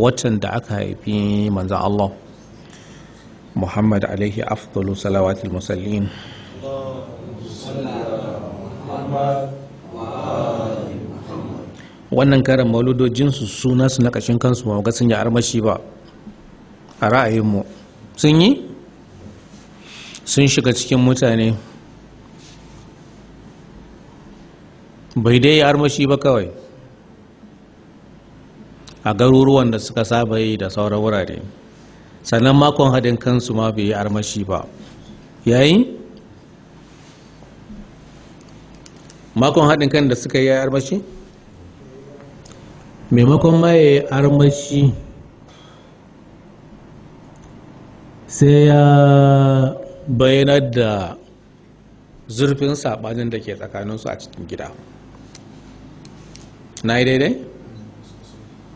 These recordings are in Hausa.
watan da aka haifi manzan Allah Muhammad alaihi afdalu salawatul musallin wannan karin mauludojinsu suna su na kashin kansu ba ga sun yi armashi ba a ra'ayinmu sun yi sun shiga cikin mutane bai dai armashi ba kawai a garuruwan da suka saba yi da sauran wurare sannan makon haɗin kansu ma bai yi armashi ba yayi makon haɗin kan da suka yi armashi maimakon ma ya yi armashi sai ya bayanar da zurfin saɓanin da ke tsakaninsu a cikin gida na yi daidai?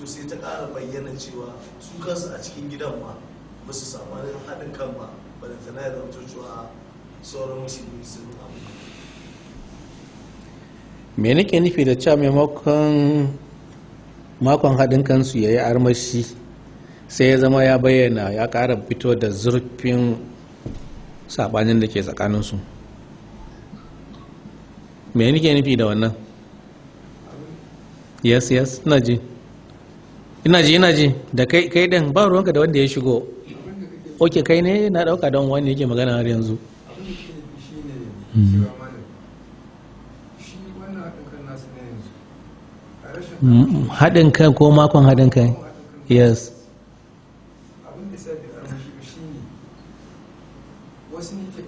to sai ta ƙara bayyana cewa su kansu a cikin gidan ma ba su samu haɗin kan ba balantana ya zama cewa sauran musulmi sun abu me nake nufi da cewa maimakon makon haɗin kansu ya yi armashi sai ya zama ya bayyana ya ƙara fito da zurfin saɓanin da ke tsakaninsu me nake nufi da wannan yes yes na ji ina ji ina ji da kai kai din ba ruwanka da wanda ya shigo oke kai ne na dauka don wani yake magana har yanzu haɗin kai ko makon haɗin kai yes wasu ke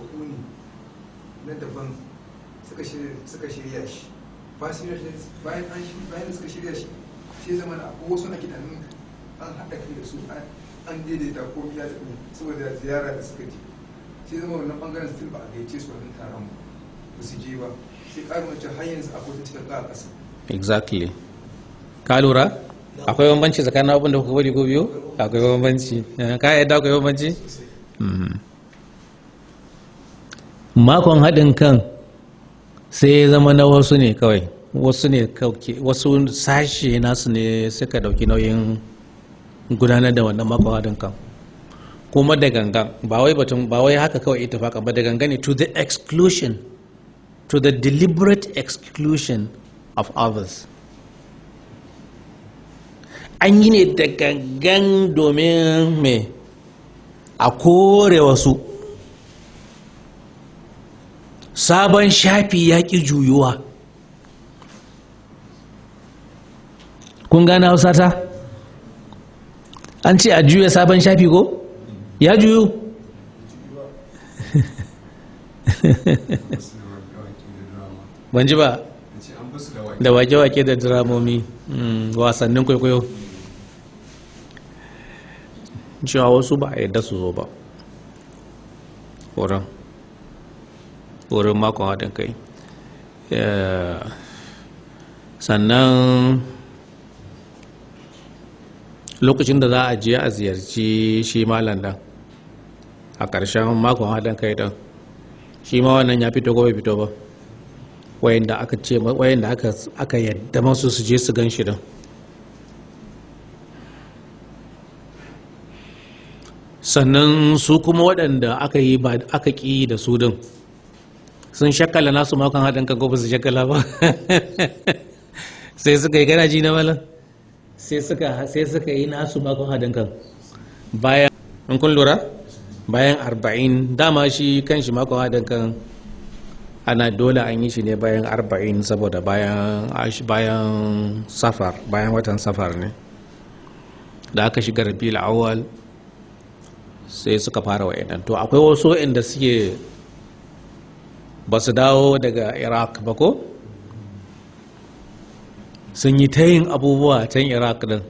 uku ne na daban suka shirya shi basirar bayan an shi bayan suka shirya shi sai zama na akwai wasu na gidanin an haɗa kai da su an daidaita ko biya da saboda ziyara da suka ji sai zama wannan bangaren still ba a gaice su wannan taron ba su je ba sai ƙarin wacce har yanzu akwai ta cika a ƙasa. exactly ka lura akwai bambanci tsakanin abin da kuka bari ko biyo akwai bambanci eh, ka yadda akwai bambanci mm-hmm. makon haɗin kan sai zama na wasu ne kawai wasu ne wasu sashe nasu ne suka dauki nauyin gudanar da wannan makawadin kan kuma da gangan ba wai batun ba wai haka kawai faka ba da gangan ne to the exclusion to the deliberate exclusion of others an yi ne da gangan domin me a kore wasu sabon shafi ya ƙi juyuwa kun gane hausa ta an ce a juya sabon shafi ko ya juyu ban ji ba da wake-wake da dramomi hmm, wasannin kwaikwayo cewa wasu ba a yadda su zo ba wurin wurin makon haɗin kai sannan lokacin da za a je a ziyarci shi malam ɗan a ƙarshen makon haɗin kai ɗan shi ma wannan ya fito gobe bai fito ba wayanda aka ce wayanda aka yadda masu su je su gan shi ɗan sannan su kuma waɗanda aka yi aka ƙi da su din sun shakala nasu makon haɗin kan kofin su shakala ba sai suka yi garaji na malam sai suka yi nasu makon haɗin kan bayan in kun lura bayan arba'in dama shi kan shi makon haɗin kan ana dole an yi shi ne bayan arba'in saboda bayan bayan safar bayan watan safar ne da aka shiga rabiul awwal sai suka fara wa'inan to akwai wasu inda suke ba su dawo daga iraq ba ko sun yi ta yin abubuwa can iraq din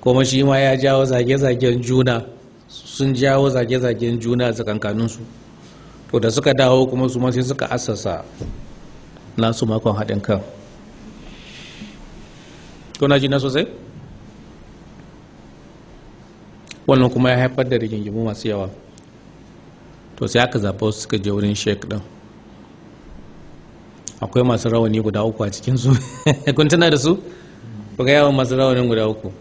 kuma shi ma ya jawo zage-zagen juna sun jawo zage-zagen juna tsakankaninsu to da suka dawo kuma su sai suka asasa nasu makon haɗin kan kuna ji na sosai wannan kuma ya haifar da rigingimu masu yawa to sai aka zaɓa suka je wurin sheik ɗin akwai masu rawani guda uku a cikin su kun tana da su ku ga yawan masu rawanin guda uku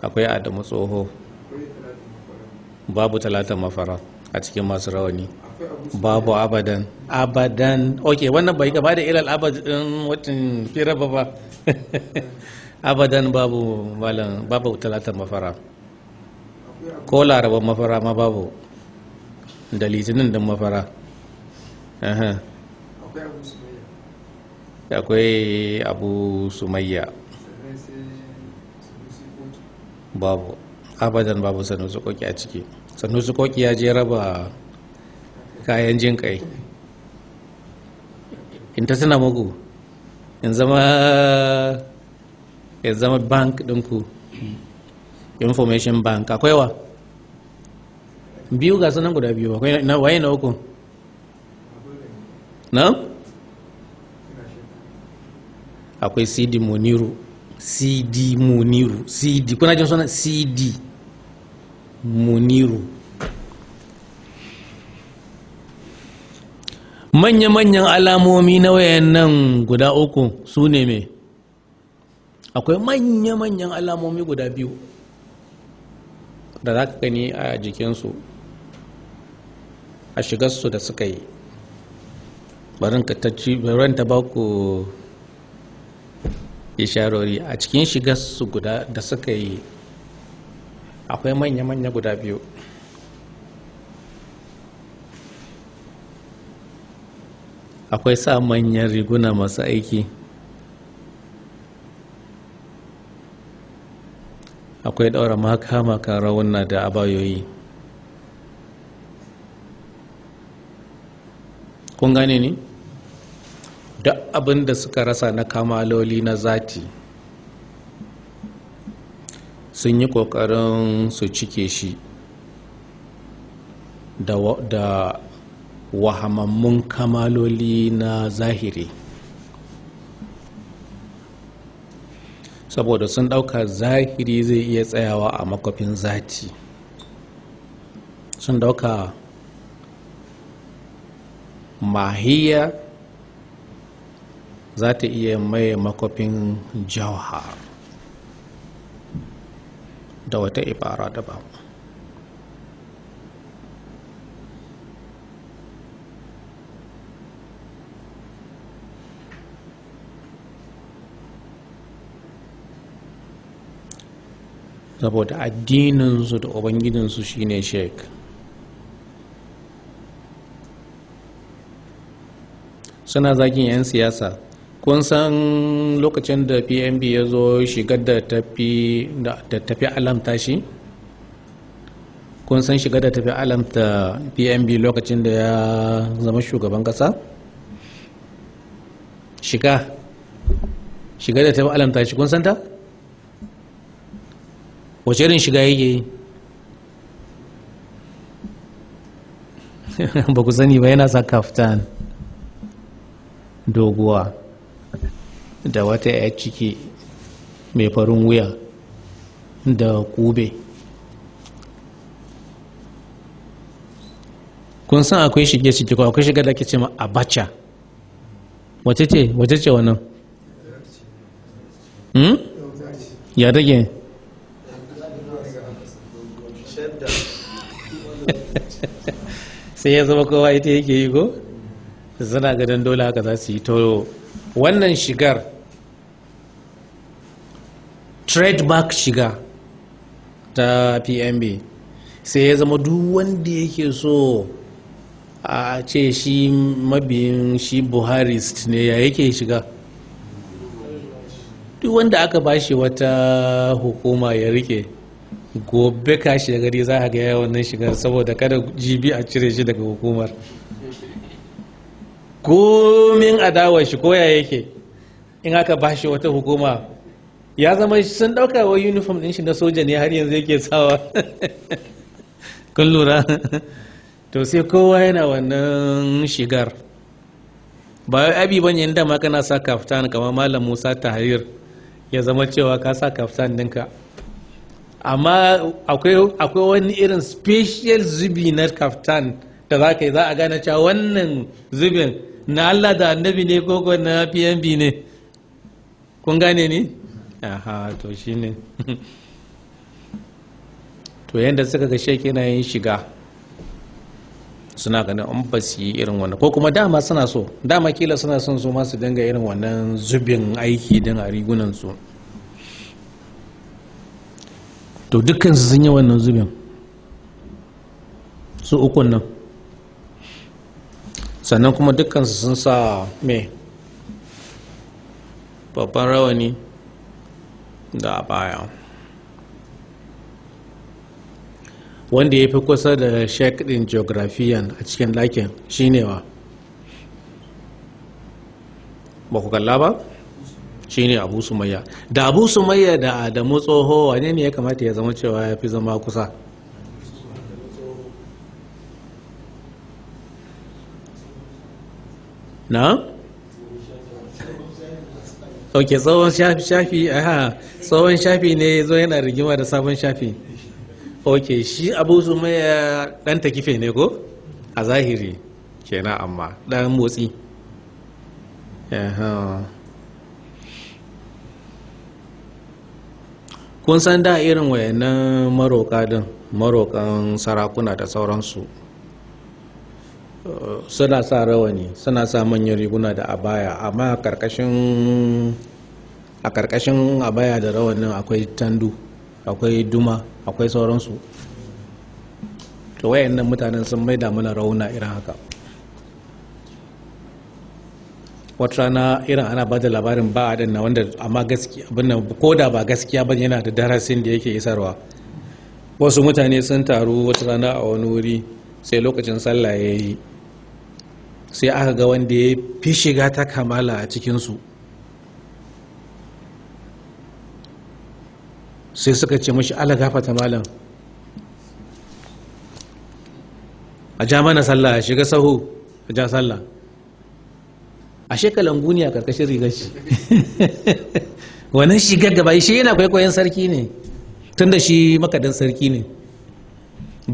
akwai adamu tsoho babu talata mafara a cikin masu rawani babu abadan abadan ok wannan bai gaba da ilal abadan watan fira ba ba abadan babu malam babu talata mafara ko larabar mafara ma babu da litinin din mafara akwai abu sumayya babu abadan babu sanusi koki a ciki sanusi koki ya je raba kayan jin kai in ta suna mugu in zama ya zama bank ɗinku information bank akwai wa biyu ga sunan guda biyu akwai wayi na uku na akwai cd moniru cd moniru cd kuna jin suna cd moniru manya-manyan alamomi na wayan nan guda uku su ne mai akwai manya-manyan alamomi guda biyu da za ka gani a jikinsu a shigarsu da suka yi barin ka ta ba ku isharori a cikin shigar su guda da suka yi akwai manya-manya guda biyu akwai sa manyan riguna masu aiki akwai daura makama kan da abayoyi kun gane ne? duk abin da suka rasa na kamaloli na zati sun yi ƙoƙarin su cike shi da wahamammun kamaloli na zahiri saboda sun ɗauka zahiri zai iya tsayawa a makwafin zati sun ɗauka mahiya za ta iya maye makofin jawhar da wata ibara daban saboda addininsu da ubangijinsu shine sheik suna zagin 'yan siyasa kun san lokacin da pmb ya zo shigar da tafi alamta shi kun san shigar da tafi alamta pmb lokacin da ya zama shugaban kasa shiga shigar da tafi alamta shi kun santa wace irin shiga yake yi ba ku sani ba yana sa kaftan doguwa da wata ya ciki mai farin wuya da kube kun san akwai shige shige ko akwai shiga da ake ce ma abacha wace ce wace ce wannan hmm? ya rage sai ya zama kowa ita yake yi ko suna gadon dole haka za su yi toro wannan shigar trademark shiga ta pmb sai ya zama duk wanda yake so a ce shi mabiyin shi buharist ne ya yake shiga duk wanda aka bashi wata hukuma ya rike gobe kashi da gari za a ga yawan shigar saboda kada jibi a cire shi daga hukumar komin adawar shi koya yake in aka ba shi wata hukuma ya zama sun ɗauka wa uniform ɗin shi na soja ne har yanzu yake sawa kun lura to sai kowa yana wannan shigar ba abi ban yin ma kana sa kaftan kamar malam musa Tahir ya zama cewa ka sa kaftan ɗinka amma akwai wani irin special zubi na kaftan da za ka yi za a gane cewa wannan zubin na Allah da annabi ne ko ko na PNB ne kun gane ni aha to shi ne. to yadda suka ga sheke na yin shiga suna ganin an ba su yi irin wannan ko kuma dama suna so dama kila suna son su masu dinga irin wannan zubin aiki din a rigunan su to dukkan su sun yi wannan zubin su ukun nan sannan kuma dukkansu sun sa me babban rawani da baya wanda ya fi kusa da sheik din geografiyan a cikin lakin shinewa? ba ku kalla ba shine abu sumayya da abu sumayya da adamu tsoho wane ne ya kamata ya zama cewa ya fi zama kusa na ok tsohon shafi aha tsohon shafi ne zo yana rigima da sabon shafi ok shi abu su maya dan takife ne ko a zahiri kenan amma dan motsi kun san da irin wayannan maroka din marokan sarakuna da sauransu suna sa rawani suna sa manyan riguna da abaya amma a karkashin abaya da rawanin akwai tandu akwai duma akwai sauransu to wayannan mutanen sun maida mana rauna irin haka wata rana irin ana ba da labarin ba a na wanda amma gaskiya ko da ba gaskiya ba yana da darasin da yake isarwa wasu mutane sun taru wata rana a wani wuri sai lokacin sallah ya yi sai aka ga wanda ya fi shiga ta kamala a cikinsu sai suka ce mashi ala gafata malam a ja mana sallah a shiga sahu a ja sallah a shekalan guni a karkashin rigar shi wannan shigar da bai shi yana kwaikwayon sarki ne tun da shi makadin sarki ne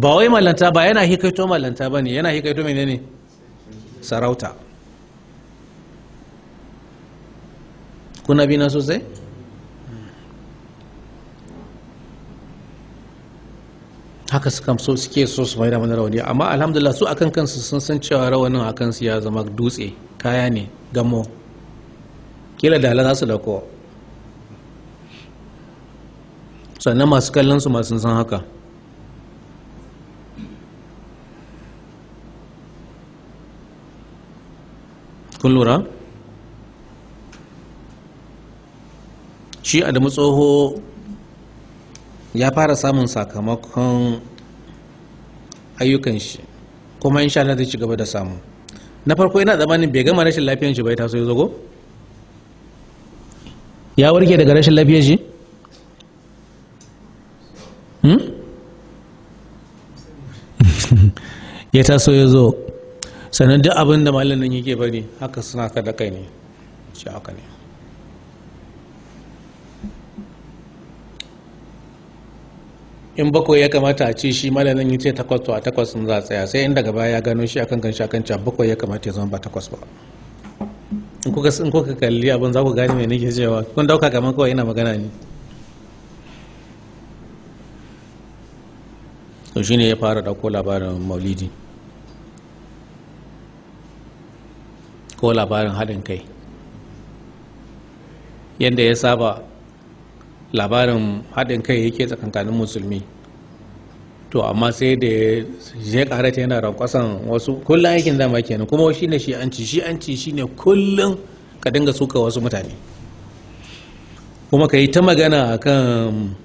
ba wai malanta ba yana hikaito malanta ba ne yana hikaito menene ne sarauta kuna na sosai haka suka so suke so su mai da mana rawani amma alhamdulillah su akan kansu sun san cewa rawanin a su ya zama dutse kaya ne gamo kila da halar su dako sannan masu kallon su masu san haka kun lura shi adamu tsoho ya fara samun sakamakon ayyukan shi kuma insha Allah zai ci gaba da samu na farko yana zamanin bai gama rashin lafiyan shi bai taso ya zago ya warke daga rashin lafiyan shi hmm? ya taso ya zo sannan duk abin da malam nan yake bari haka suna ka da kai ne shi haka ne in bakwai ya kamata a ce shi malamin ya ce takwas to a takwas sun za tsaya sai in daga baya ya gano shi akan ganshi akan can bakwai ya kamata ya zama ba takwas ba in kuka in kuka kalli abin za ku gane me nake cewa kun dauka kamar kawai ina magana ne to shine ya fara dauko labarin maulidi ko labarin haɗin kai yadda ya saba labarin haɗin kai yake tsakankanin musulmi to amma sai da ya je ta yana rankwasan wasu kullum aikin dama kenan kuma shi ne shi'anci shi'anci shi ne kullum ka dinga suka wasu mutane kuma ka yi ta magana a kan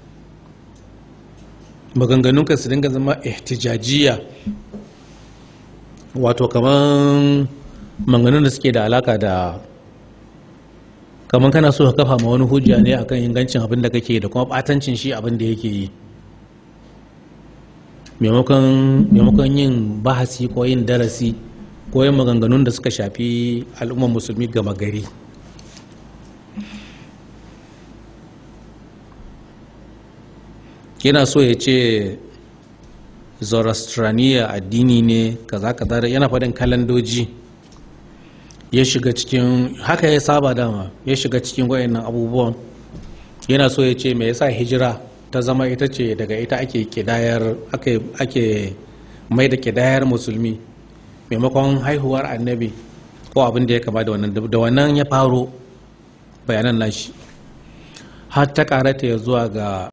maganganunka su dinga zama ihtijajiya wato kamar manganun da suke da alaka da kamar kana so ka kafa ma wani hujja ne akan ingancin abin da kake da kuma batancin shi abin da yake yi maimakon yin bahasi ko yin darasi ko yin maganganun da suka shafi al'ummar musulmi gama gari yana so ya ce zoroastraniya addini ne kaza kaza yana faɗin kalandoji ya shiga cikin haka ya saba dama ya shiga cikin wayannan abubuwan yana so ya ce me yasa hijira ta zama ita ce daga ita ake kidayar ake mai da kidayar musulmi maimakon haihuwar annabi ko abin da ya kama da wannan da wannan ya faro bayanan nashi har ta karata ya zuwa ga